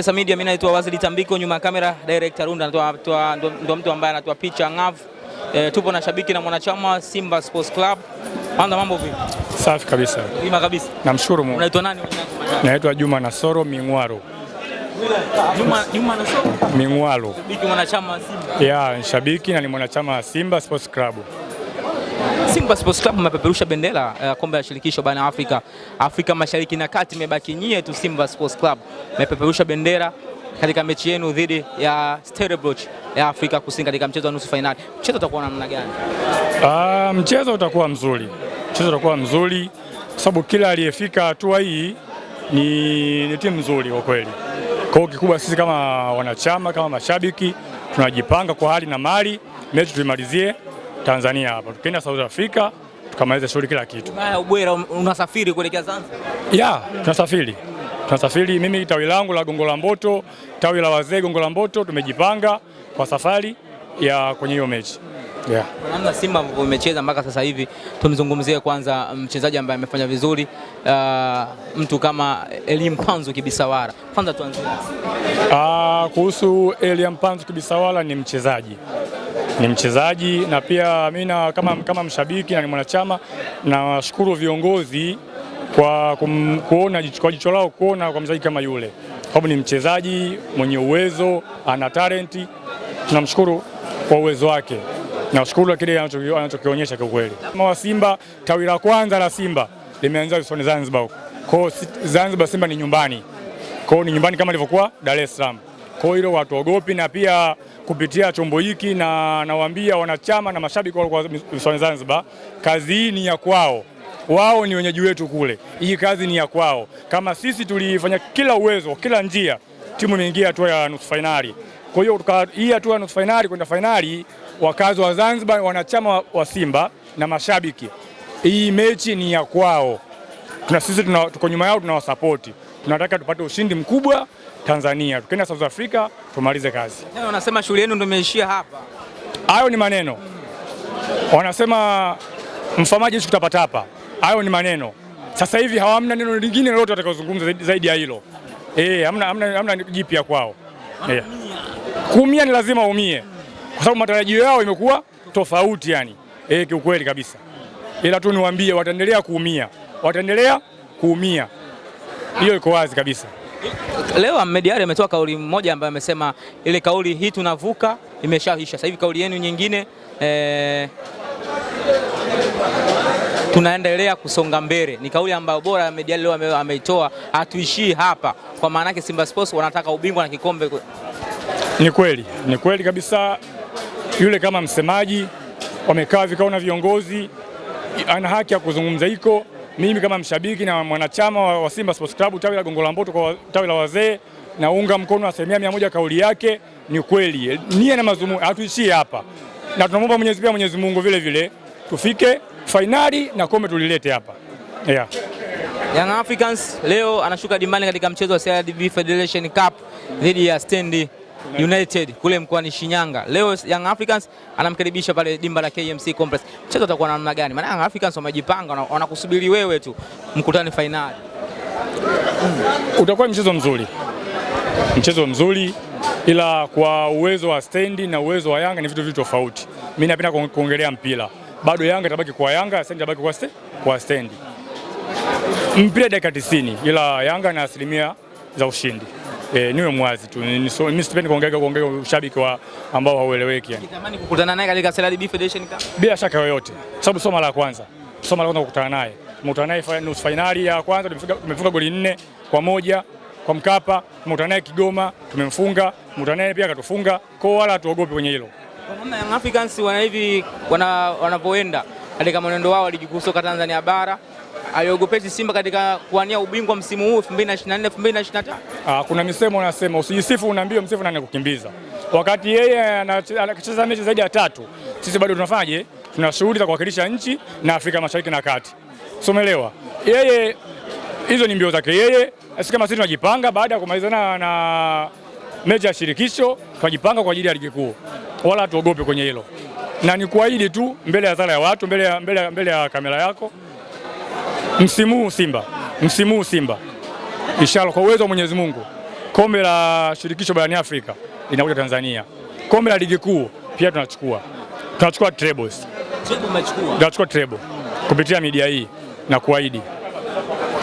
Pesa Media, mimi naitwa Wazili Tambiko, nyuma ya kamera director Runda ndo mtu ambaye anatoa picha ngavu. E, tupo na shabiki na mwanachama Simba Sports Club. Panda, mambo vipi? Safi kabisa. Ima kabisa. Namshukuru Mungu. Unaitwa nani? Naitwa Juma Nasoro Mingwaro. Juma, Juma Nasoro Mingwaro. Shabiki mwanachama wa Simba. Yeah, shabiki na ni mwanachama wa Simba Sports Club. Simba Sports Club mmepeperusha bendera eh, ya kombe la shirikisho barani Afrika, Afrika Mashariki na Kati, mebaki nyie tu. Simba Sports Club mmepeperusha bendera katika mechi yenu dhidi ya Stellenbosch ya Afrika Kusini katika mchezo wa nusu fainali. Mchezo utakuwa namna gani? Uh, mchezo utakuwa mzuri, mchezo utakuwa mzuri kwa sababu kila aliyefika hatua hii ni, ni timu nzuri kwa kweli. Kwa hiyo kikubwa sisi kama wanachama, kama mashabiki tunajipanga kwa hali na mali, mechi tuimalizie Tanzania hapa, tukienda South Africa tukamaliza shughuli kila kitu. Ubwera, um, unasafiri kuelekea Zanzibar? Yeah, tunasafiri tunasafiri. Mimi tawi langu la Gongo la Mboto, tawi la wazee Gongo la Mboto, tumejipanga kwa safari ya kwenye hiyo mechi yeah. Simba ambavyo mpaka sasa hivi, tumzungumzie kwanza mchezaji ambaye amefanya vizuri uh, mtu kama Elie Mpanzu Kibisawara. Kwanza tuanze uh, ah, kuhusu Elie Mpanzu Kibisawara, ni mchezaji ni mchezaji na pia mimi kama, kama mshabiki na ni mwanachama, nawashukuru viongozi kwa kum, kuona kwa jicho lao kuona kwa mchezaji kama yule, sababu ni mchezaji mwenye uwezo, ana talenti. Tunamshukuru kwa uwezo wake, nashukuru kile anachokionyesha kiukweli. Kama Simba, tawi la kwanza la Simba limeanza visiwani Zanzibar. Kwa Zanzibar Simba ni nyumbani kwa ni nyumbani kama ilivyokuwa Dar es Salaam. Kwa hiyo watu wagopi na pia kupitia chombo hiki, na nawaambia wanachama na mashabiki wa visiwani Zanzibar, kazi hii ni ya kwao. Wao ni wenyeji wetu kule, hii kazi ni ya kwao. Kama sisi tulifanya kila uwezo, kila njia, timu imeingia hatua ya nusu fainali. Kwa hiyo hii hatua ya nusu fainali kwenda fainali, wakazi wa Zanzibar, wanachama wa Simba na mashabiki, hii mechi ni ya kwao. na sisi tuko nyuma yao, tunawasapoti. Tunataka tupate ushindi mkubwa. Tanzania, tukienda South Africa tumalize kazi. Yaani wanasema shughuli yenu ndio imeishia hapa. Hayo ni maneno, wanasema mfamaji kutapata hapa, Hayo ni maneno. Sasa hivi hawamna neno lingine lolote watakaozungumza zaidi ya hilo. Eh, hamna hamna hamna jipya kwao. Yeah. Kuumia ni lazima umie, kwa sababu matarajio yao imekuwa tofauti yani. Eh, kiukweli kabisa, ila tu niwaambie, wataendelea kuumia, wataendelea kuumia, hiyo iko wazi kabisa. Leo Ahmed Ally ametoa kauli moja ambayo amesema ile kauli hii tunavuka imeshaisha. Sasa hivi kauli yenu nyingine e, tunaendelea kusonga mbele, ni kauli ambayo bora Ahmed Ally leo ameitoa, hatuishii hapa, kwa maana yake Simba Sports wanataka ubingwa na kikombe. Ni kweli, ni kweli kabisa. Yule kama msemaji wamekaa vikao na viongozi, ana haki ya kuzungumza hiko mimi kama mshabiki na mwanachama wa Simba Sports Club tawi la Gongo la Mboto kwa tawi la wazee naunga mkono asilimia mia moja kauli yake. Ni kweli nia na mazumuni, hatuishie hapa, na tunamwomba Mwenyezi Mungu, Mwenyezi Mungu vile vile tufike fainali na kombe tulilete hapa yeah. Young Africans leo anashuka dimbani katika mchezo wa CRDB Federation Cup dhidi ya Stendi United kule mkoani Shinyanga. Leo Young Africans anamkaribisha pale dimba la KMC Complex. Mchezo utakuwa na namna gani? Maana Young Africans wamejipanga, wanakusubiri wewe tu mkutane fainali. Mm. Utakuwa mchezo mzuri, mchezo mzuri ila kwa uwezo wa stendi na uwezo wa Yanga ni vitu vitu tofauti. Mimi napenda kuongelea mpira, bado Yanga itabaki kwa Yanga, stendi itabaki kwa kwa stendi. Mpira dakika 90 ila Yanga na asilimia za ushindi e, niwe mwazi tu. So, mimi sipendi kuongea kuongea ushabiki wa ambao haueleweki yani. Nitamani kukutana naye katika Sela DB Federation Cup. Bila shaka yoyote. Sababu sio mara ya kwanza. Sio mara ya kwanza kukutana naye. Mkutana naye nusu finali ya kwanza tumefunga goli nne kwa moja kwa Mkapa, mkutana naye Kigoma, tumemfunga, mkutana naye pia akatufunga. Kwa wala tuogope kwenye hilo. Kwa namna Young Africans wana hivi wanapoenda katika mwenendo wao ligi kuu soka Tanzania bara aiogopeshi Simba katika kuwania ubingwa msimu huu 2024 2025? Ah, kuna misemo unasema usijisifu unaambia msifu nani kukimbiza, wakati yeye anacheza mechi zaidi ya tatu, sisi bado tunafanyaje? Tuna shughuli za kuwakilisha nchi na Afrika Mashariki na Kati, Somelewa. Yeye hizo ni mbio zake yeye, sisi kama sisi tunajipanga baada ya kumalizana na mechi ya shirikisho tunajipanga kwa ajili ya ligi kuu, wala hatuogope kwenye hilo, na ni kuahidi tu mbele ya hadhara ya watu, mbele ya, mbele ya kamera yako msimu huu Simba, msimu huu Simba inshallah, kwa uwezo wa Mwenyezi Mungu, kombe la shirikisho barani Afrika linakuja Tanzania, kombe la ligi kuu pia tunachukua, tunachukua trebles, tunachukua treble kupitia media hii na kuahidi.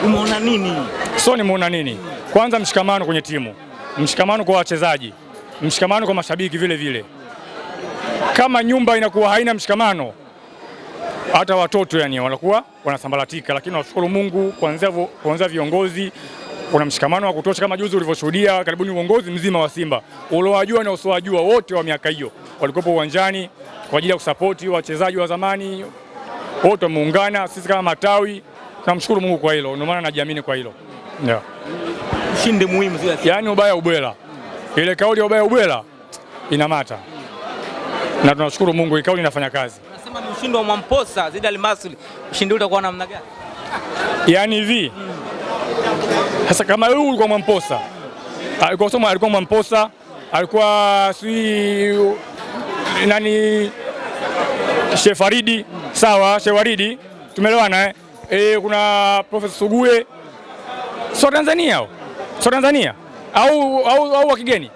Umeona nini? So nimeona nini? Kwanza mshikamano kwenye timu, mshikamano kwa wachezaji, mshikamano kwa mashabiki vile vile. Kama nyumba inakuwa haina mshikamano hata watoto yani wanakuwa wanasambaratika, lakini nashukuru Mungu kuanzia viongozi kuna mshikamano wa kutosha, kama juzi ulivyoshuhudia. Karibuni uongozi mzima wa Simba uliowajua na usiowajua wote wa miaka hiyo walikuwepo uwanjani kwa ajili ya kusapoti wachezaji wa zamani, wote wameungana. Sisi kama matawi tunamshukuru Mungu kwa hilo, ndio maana najiamini kwa hilo yeah. Ushindi muhimu, yani ubaya ubwela, ile kauli ya ubaya ubwela inamata, na tunashukuru Mungu, ile kauli inafanya kazi unasema ni ushindi wa Mwamposa zidi Almasri, ushindi ule utakuwa namna gani? Yaani hivi sasa, kama huyu ulikuwa Mwamposa, alikuwa soma, alikuwa Mwamposa, alikuwa si nani Shefaridi Faridi, sawa Sheikh Faridi, tumeelewana eh? E, kuna Profesa Sugue, so Tanzania so Tanzania au, au, au wa kigeni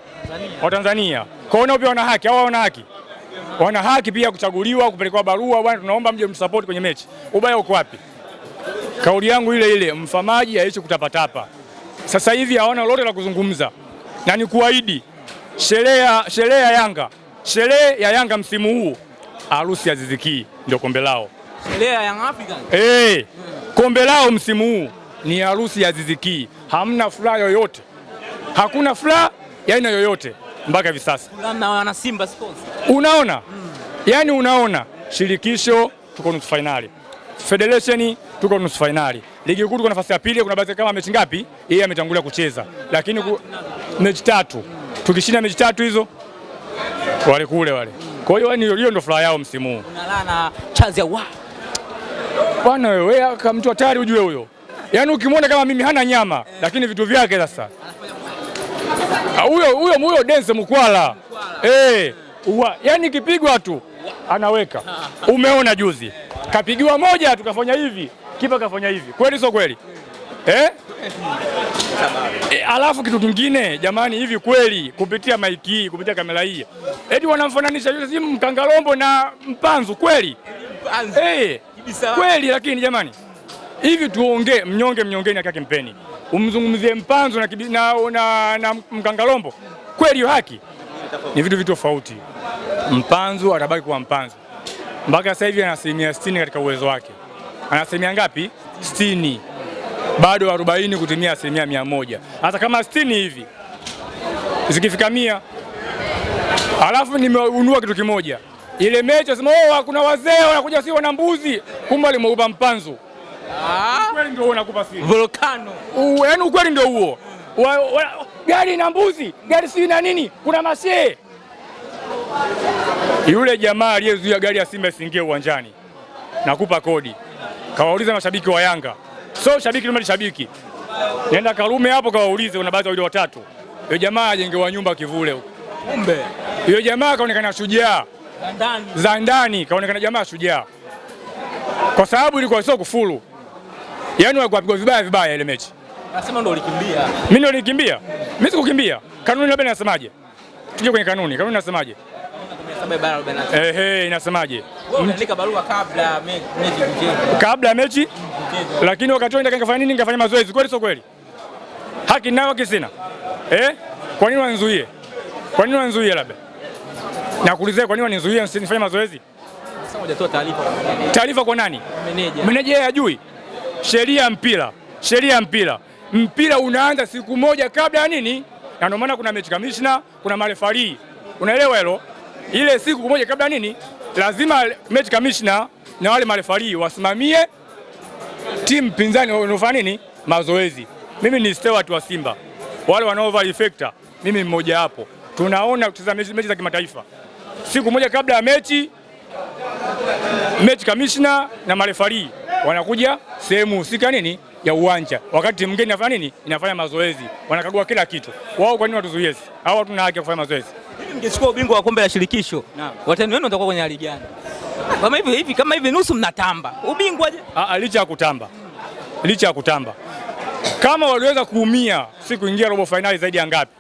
wa Tanzania, kwa hiyo nao pia wana haki au wana haki wana haki pia kuchaguliwa, kupelekewa barua, bwana, tunaomba mje msupport kwenye mechi. Ubaya uko wapi? Kauli yangu ile ile, mfamaji aishi kutapatapa. Sasa hivi hawana lolote la kuzungumza, na ni kuahidi sherehe ya Yanga, sherehe ya Yanga msimu huu, harusi ya Aziz Ki ndio kombe lao, sherehe ya Yanga African hey, eh, Kombe lao msimu huu ni harusi ya Aziz Ki, hamna furaha yoyote, hakuna furaha ya aina yoyote mpaka hivi sasa. Wana Simba sponsor. Unaona mm. Yaani unaona shirikisho tuko nusu fainali, federation tuko nusu fainali, ligi kuu tuko nafasi ya pili. Kuna baadhi kama mechi ngapi yeye ametangulia kucheza, lakini ku... mechi tatu, tukishinda mechi tatu hizo wale kule wale. Kwa hiyo yaani, hiyo ndio furaha yao msimu huu. Unalana chance ya wa. Bwana wewe kama mtu hatari ujue huyo. Yaani ukimwona kama mimi hana nyama, eh. lakini vitu vyake sasa huyo huyo Dense Mkwala eh, yani kipigwa tu anaweka. Umeona juzi kapigiwa moja tukafanya hivi, kipa kafanya hivi, kweli sio kweli eh? E, alafu kitu kingine jamani, hivi kweli kupitia maiki hii kupitia kamera hii eti wanamfananisha yule simu mkangalombo na mpanzu kweli? Eh, kweli. Lakini jamani, hivi tuongee, mnyonge mnyongeni, akake mpeni umzungumzie Mpanzo na, na, na, na Mkangalombo kweli, hiyo haki ni vitu vitu tofauti. Mpanzo atabaki kuwa Mpanzo mpaka sasa hivi ana asilimia katika uwezo wake, ana asilimia ngapi? 60, bado 40 kutumia asilimia mia moja. Hata kama 60 hivi zikifika mia, alafu nimeunua kitu kimoja, ile mechi asema oh, kuna wazee wanakuja si wana mbuzi, kumbe alimwogopa Mpanzo. Ah? Volcano. Yaani ukweli ndio huo. Gari na mbuzi, gari si na nini? Kuna masee. Yule jamaa aliyezuia gari ya Simba isiingie uwanjani. Nakupa kodi. Kawauliza mashabiki wa Yanga. So shabiki ni shabiki. Nenda Karume hapo kawaulize kuna baadhi ya wale watatu. Yule jamaa ajengewa nyumba kivule huko. Kumbe. Yule jamaa kaonekana shujaa. Za ndani. Za ndani kaonekana jamaa shujaa. Kwa sababu ilikuwa sio kufuru yaani wakapigwa vibaya vibaya ile mechi. Nasema ndo ulikimbia. Mimi ndo nilikimbia. Mimi sikukimbia. Kanuni labda inasemaje? Tuje kwenye kanuni. Kanuni inasemaje? Eh, eh, inasemaje? Wewe unaandika barua kabla mechi kucheza. Kabla mechi? Lakini wakati wao nikafanya nini? Nikafanya mazoezi. Kweli sio kweli? Haki nayo haki sina. Eh? Kwa nini wanizuie? Kwa nini wanizuie labda? Nakuulizia kwa nini wanizuie nisifanye mazoezi? Sasa Taarifa kwa nani? Meneja. Meneja yeye hajui sheria mpira, sheria mpira, mpira unaanza siku moja kabla ya nini, na ndio maana kuna mechi kamishna, kuna marefari, unaelewa hilo. Ile siku moja kabla ya nini, lazima mechi kamishna na wale marefari wasimamie timu pinzani wanaofanya nini mazoezi. Mimi ni Stewart wa Simba, wale wanaovaa reflector, mimi mmoja hapo. Tunaona kucheza mechi za kimataifa siku moja kabla ya mechi, mechi kamishna na marefarii wanakuja sehemu husika nini ya uwanja, wakati mgeni ngeni inafanya nini, inafanya mazoezi, wanakagua kila kitu. Wao kwa nini watuzuie sisi? Au hatuna haki ya kufanya mazoezi? Hivi mkichukua ubingwa wa kombe la shirikisho, watani wenu watakuwa kwenye hali gani? Kama hivi hivi kama hivi nusu mnatamba ubingwa je? Ah, ah, licha ya kutamba, licha ya kutamba, kama waliweza kuumia si kuingia robo finali zaidi ya ngapi?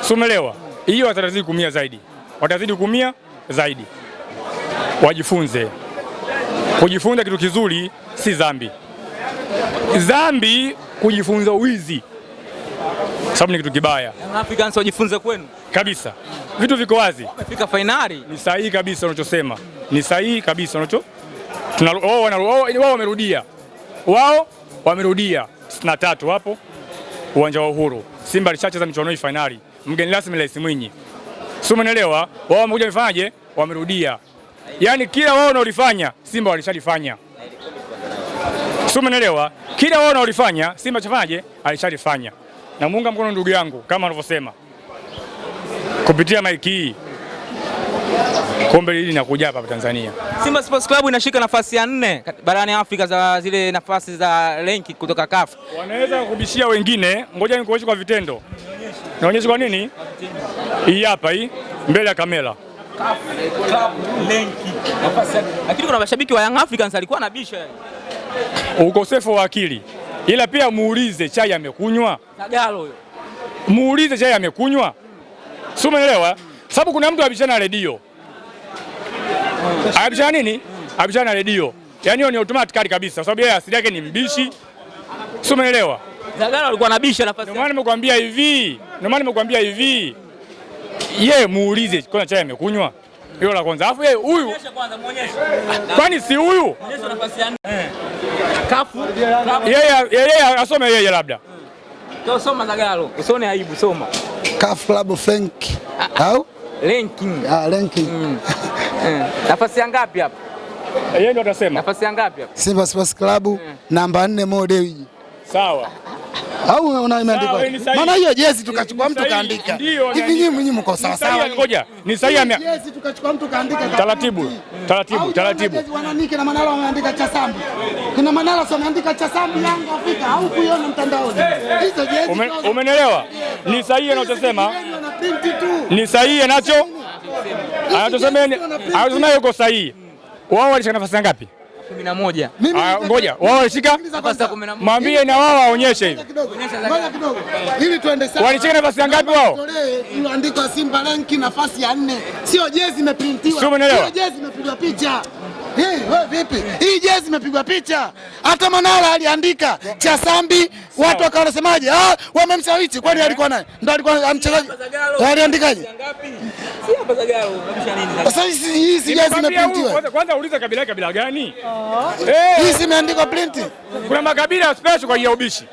Sumelewa hiyo, watazidi kuumia zaidi, watazidi kuumia zaidi, wajifunze. Kujifunza kitu kizuri si dhambi. Dhambi kujifunza uwizi, sababu ni kitu kibaya. Africans wajifunze kwenu kabisa, vitu viko wazi. Umefika fainali, ni sahihi kabisa unachosema, ni sahihi kabisa unacho wao wamerudia, wao wamerudia sitini na tatu wapo uwanja wa Uhuru. Simba alishacheza michuano hii fainali, mgeni rasmi Rais Mwinyi, si umeelewa? Wao wamekuja wamefanyaje? Wamerudia yaani kila wao unaolifanya Simba walishalifanya, si umeelewa? Kila wao unaolifanya Simba chafanyaje, alishalifanya. Na mkono ndugu yangu kama anavyosema kupitia maiki hii kombe hili linakuja hapa Tanzania. Simba Sports Club inashika nafasi ya nne barani Afrika za zile nafasi za renki kutoka CAF. Wanaweza kubishia wengine, ngoja nikuonyeshe kwa vitendo. Naonyesha kwa nini? Hii hapa hii mbele ya kamera lenki nafasi. Lakini kuna mashabiki wa Young Africans alikuwa na anabisha ukosefu wa akili, ila pia muulize chai amekunywa Kagalo huyo, muulize chai amekunywa, si umeelewa? Sababu kuna mtu abishana redio, abishana nini? Abishana redio, yaani hiyo ni automatically kabisa, sababu yeye asili yake ni mbishi, si umeelewa? Kagalo alikuwa na bisha nafasi. Ndio maana nimekuambia hivi, ndio maana nimekuambia hivi hmm ye muulize kwanza chai amekunywa hiyo la kwanza, alafu yeye huyu kwani si huyu eh. yeye asome yeye labda eh. soma Zagalo, usione aibu, soma CAF Club Frank ah, ah. au ranking. Ah, ranking. Mm. Eh. Nafasi ya ngapi hapa? Yeye ndio atasema. Nafasi ya ngapi hapa? Simba Sports Club namba 4 modeli. Sawa au unaona imeandikwa? Maana hiyo jezi tukachukua mtu kaandika hivi, nyinyi mwenyewe mko sawa sawa. Ngoja ni sahihi ame jezi tukachukua mtu kaandika taratibu taratibu taratibu. wananiki na Manala wameandika Chasambi, kuna Manala sio ameandika Chasambi, Yanga Afrika au kuiona mtandaoni hizo jezi. Umenielewa? Ni sahihi anachosema, ni sahihi anacho anachosema, anachosema yuko sahihi. Wao walishika nafasi ngapi? Ngoja wao walishika mwambie na wao waonyeshe hivi. Ngoja kidogo. Ili tuende sawa. Walishika nafasi ngapi wao? Iliandikwa Simba ranki nafasi ya 4. Sio jezi imeprintiwa. Sio jezi imepigwa picha. Wewe vipi? Hii jezi imepigwa picha. Hata Manara aliandika cha Sambi, watu wakawa wanasemaje? Ah, wamemsawiti. Kwani alikuwa naye? Ndio alikuwa mchezaji. Aliandikaje? Kwanza uliza kabila kabila gani? Oh. Eh. Hii simeandikwa print. Kuna makabila special kwa ya ubishi.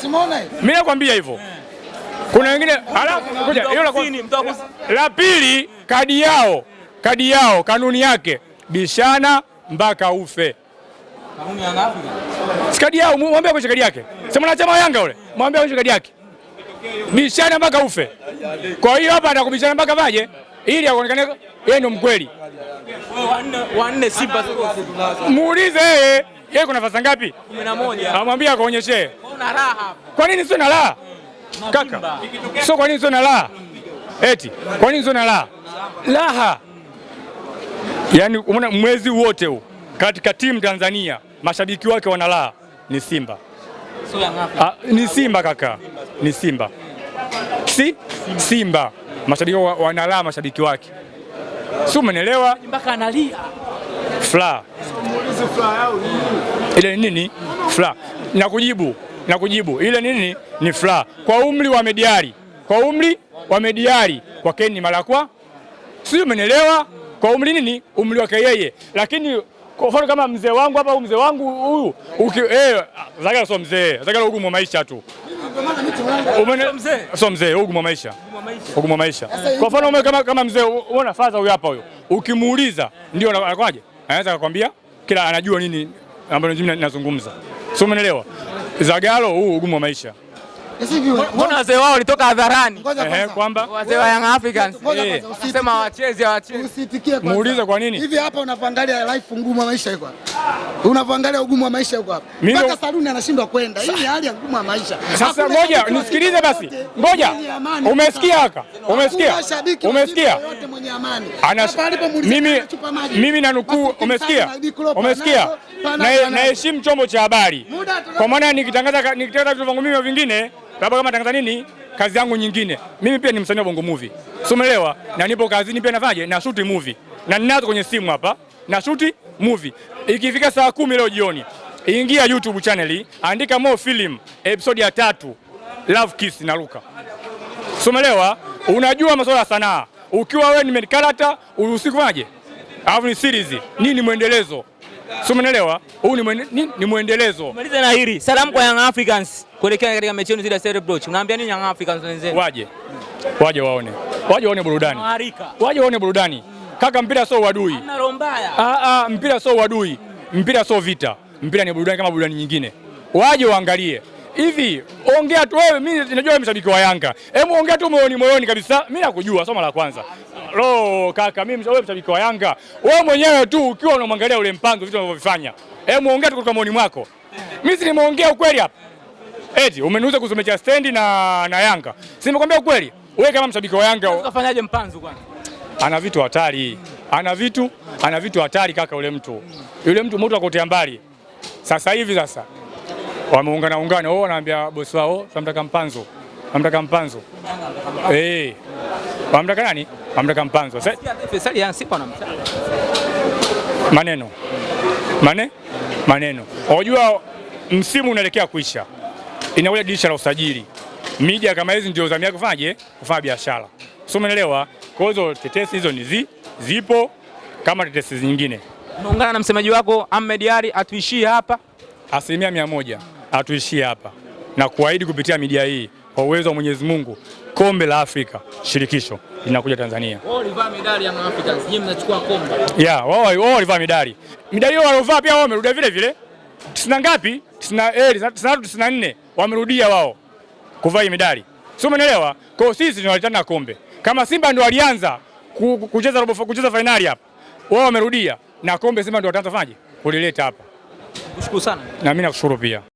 Simona hii. Mimi nakwambia hivyo. Kuna wengine la pili kadi yao. Kadi yao kanuni yake bishana mpaka ufe. Kanuni ya ngapi? Kadi yao mwambie kwa kadi yake. Sema na chama Yanga ule. Mwambie kwa kadi yake. Bishana mpaka ufe. Kwa hiyo hapa anakubishana mpaka vaje ili aonekane yeye ndio mkweli. Wanne Simba muulize yeye, yeye kuna nafasi ngapi? Amwambia akaonyeshe. Kwa nini sio na raha kaka? Sio kwa nini sio na raha eti, kwa nini sio na raha raha? Yaani umeona mwezi wote huu katika timu Tanzania mashabiki wake wana raha ni Simba. Ah, ni Simba kaka, ni Simba si Simba mashabiki wanalaa mashabiki wake, si umenielewa? Mpaka analia fla ile nini fla na kujibu na kujibu ile nini ni fla kwa umri wa mediari kwa umri wa mediari kwa keni mara kwa, si umenielewa? Kwa umri nini umri wake yeye, lakini kwa mfano kama mzee wangu hapa, mzee wangu huyu eh, Zagala sio mzee, Zagala mwa maisha tu Sio mzee, ugumu wa maisha, ugumu wa maisha. Kwa mfano kama, kama mzee unaona fadha huyo hapa huyo, ukimuuliza ndio anakwaje, anaweza akakwambia kila anajua nini ambalo mimi nazungumza, sio? Umeelewa? Zagalo huu ugumu wa maisha Mbona wazee wao walitoka hadharani kwamba wazee wa Young Africans sema hawachezi hawachezi, muulize kwa nini hivi. Hapa unavyoangalia life ngumu maisha iko Unavyoangalia ugumu wa maisha huko hapa. Mpaka saluni anashindwa kwenda. Hii ni hali ya ugumu wa maisha. Sasa ngoja nisikilize basi. Ngoja. Umesikia haka? Umesikia? Umesikia? Yote mwenye amani. Ana alipo Mimi mimi nanukuu, umesikia? Umesikia? Na heshimu chombo cha habari. Kwa maana nikitangaza nikitangaza vitu vyangu mimi vingine, labda kama tangaza nini? Kazi yangu nyingine. Mimi pia ni msanii wa Bongo Movie. Umeelewa? Na nipo kazini pia nafanyaje? Na shoot movie. Na ninazo kwenye simu hapa na shuti movie. Ikifika saa kumi leo jioni, ingia YouTube channel, hii, andika Mo Film episode ya tatu Love Kiss na Luka. Sumelewa, unajua masuala ya sanaa. Ukiwa wewe ni main character, usikufaje? Alafu ni series, nini mwendelezo? Somelewa, huu ni mwende, ni mwendelezo. Maliza na hili. Salamu kwa Young Africans kuelekea katika mechi yenu zile ya Stellenbosch. Unaambia nini Young Africans wenzenu? Waje. Waje waone. Waje waone burudani. Waje waone burudani. Kaka, mpira sio uadui. Ah, ah, mpira sio uadui, mpira sio vita, mpira ni burudani kama burudani nyingine. Waje waangalie hivi, ongea tu wewe. Mimi najua mshabiki wa Yanga, hebu ongea tu moyoni moyoni kabisa. Mimi nakujua somo la kwanza Lo kaka, mimi wewe mshabiki wa Yanga, wewe mwenyewe tu ukiwa unamwangalia ule mpango, vitu unavyofanya. hebu muongee tu kutoka moyoni mwako. Mimi si nimeongea ukweli hapa, eti umeniuza kuzomecha mechi stendi na, na Yanga, si nimekwambia ukweli? Wewe kama mshabiki wa Yanga ukafanyaje mpanzo kwanza? ana vitu hatari, ana vitu ana vitu hatari kaka, yule mtu yule mtu mtu akotea mbali. Sasa hivi sasa wameungana ungana, wao wanaambia bosi wao tunamtaka mpanzo, tunamtaka mpanzo eh, wanamtaka nani? Wanamtaka mpanzo. Sasa maneno mane maneno, unajua msimu unaelekea kuisha, inakuja dirisha la usajili, media kama hizi ndio zamia kufanyaje? Kufanya biashara, sio? umeelewa? Kwa hizo tetesi hizo ni zi, zipo kama tetesi zingine. Naungana na msemaji wako Ahmed Ali, atuishie hapa asilimia mia moja, atuishie hapa na kuahidi kupitia media hii kwa uwezo wa Mwenyezi Mungu kombe la Afrika shirikisho linakuja Tanzania. Wao walivaa medali ya Africans, nyinyi mnachukua kombe. Yeah, wao wao walivaa medali. Medali wao waliovaa pia wao wamerudia vile vile. Tisina ngapi? Tisina, eh, tisina, tisina nne wamerudia wao kuvaa medali. Sio, umeelewa? Kwa hiyo sisi tunalitana kombe. Kama Simba ndio walianza kucheza robo kucheza fainali hapa, wao wamerudia na kombe, Simba ndio wataanza fanyaje kulileta hapa. Kushukuru sana. Na mimi nakushukuru pia.